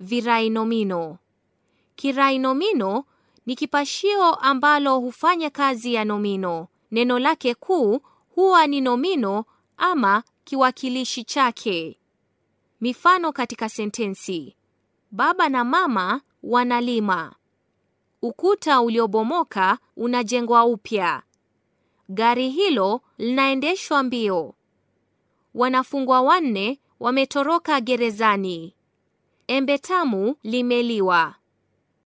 Virainomino. Kirainomino ni kipashio ambalo hufanya kazi ya nomino. Neno lake kuu huwa ni nomino ama kiwakilishi chake. Mifano katika sentensi: baba na mama wanalima. Ukuta uliobomoka unajengwa upya. Gari hilo linaendeshwa mbio. Wanafungwa wanne wametoroka gerezani. Embe tamu limeliwa.